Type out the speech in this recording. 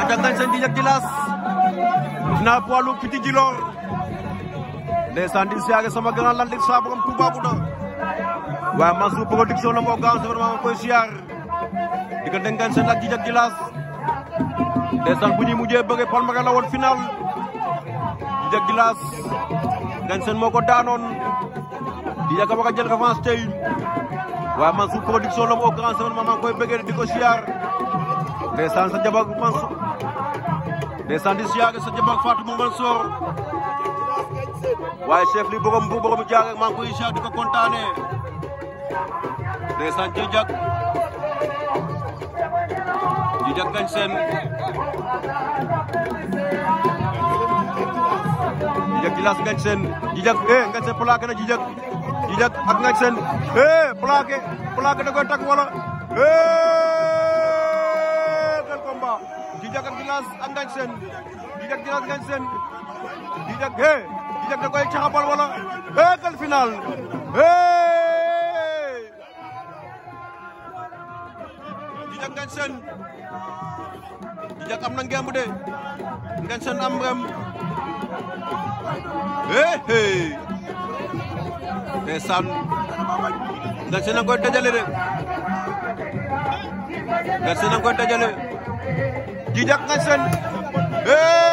Padangkan sendinya jelas, Na poids piti jilor. Ndeysaan di siaga sama grand Landing Sa borom Toubacouta. Waaye Mansour production la moo gaaw sama maa koy siyaar. Di ko denkan seen ak jijak jilas. Ndeysaan bu ñuy mujjee bëgge final. Jijak jelas. Dan Sène moo ko daanoon. Jijak a war a jël revanche tey. Waaye Mansour production la moo gaaw sama maa koy bëggee di ndeysaan sa jabak Mansour ndeysaan di siyaare sa jabak Fatou waaye chef li borom bu borom jaare maa ngi koy di ko kontaane ndeysaan jijak jijak gañ jijak jilas gañ seen eh, na jijak jijak ak gañ seen eh plaqué plaqué da koy tak Djidiack ak Guinass ak Ngagne he Djidiack da koy caxabal wala eegal final hey Djidiack am na ngemb de Ngagne Sène am ngemb hey hey ndeysaan Ngagne Sène dajale de Ngagne Sène a dajale Djidiack Ngagne Sène